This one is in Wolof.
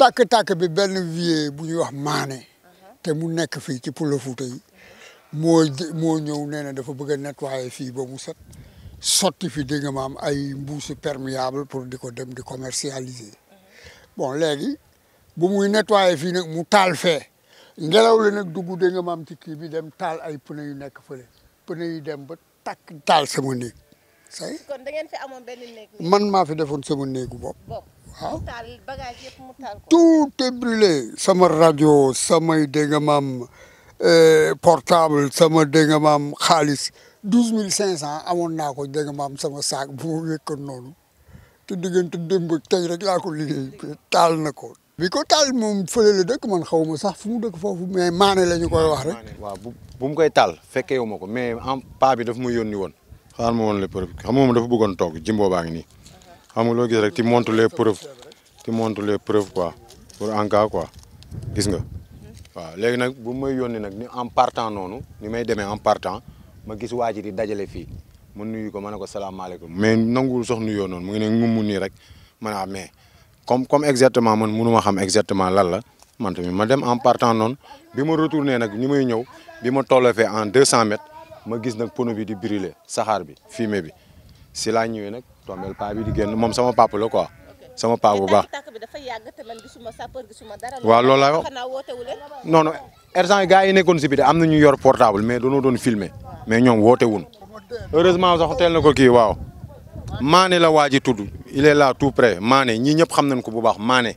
tàkk-tàkk bi benn vieux bu ñuy wax maane uh-huh. te mu nekk fii ci Pulo Fuuta yi moo moo ñëw nee na dafa bëgg a nettoyer fii ba mu set sotti fi di nga maam ay mbuusu permiable pour di ko dem di commercialiser uh-huh. bon léegi bu muy nettoyer fii nag mu taal fee ngelaw li nag dugg di nga maam ci kii bi dem taal ay pneu yu nekk fële pneu yi dem ba takk taal sama néeg say man maa fi defoon sama néegu bopp ah tout est brûlé sama rajo samay dégg nga maam eh, portable sama dégg nga maam xaalis douze mille cinq cent amoon naa ko dégg maam sama saak bu ma wékkoon noonu te diggante démb tey rek laa ko liggéey taal na ko. bi ko taal moom fële la dëkk man xaw ma sax fu mu dekk foofu mais maane la ñu koy wax rek. waaw bu bu mu koy taal fekkee wu ma ko mais en pas bi daf ma yónni woon. xaar ma woon le preuve xam nga dafa bëggoon toog jimbo baa ngi nii. xam nga loo gis rek tu montres les preuves tu montres les preuves quoi pour en cas quoi gis nga waaw léegi nag bu may yónni nag ni en partant noonu ni may demee en partant ma gis waa ji di dajale fii man nuyu ko ma ne ko salaamaaleykum mais nanguwul sax nuyoo noonu mu ngi ne ngummu nii rek ma ne ah mais comme comme exactement man mënu ma xam exactement lan la man tamit ma dem en partant noon bi ma retournee nag ñi may ñëw bi ma tolloo fee en 200 mètres ma gis nag pono bi di brûler saxaar bi fumée bi. si laa ñëwee nag tombeel paa bi di génn moom sama papa la quoi sama paa bu baax. waaw loolu laa wax ersan gars yi nekkoon si bi am na ñu yor portable mais doonoo doon filmer mais ñoom woote wun heureusement sax teel ko kii waaw Mané la waa ji tudd il est là tout près Mané ñii ñëpp xam nañ ko bu baax maane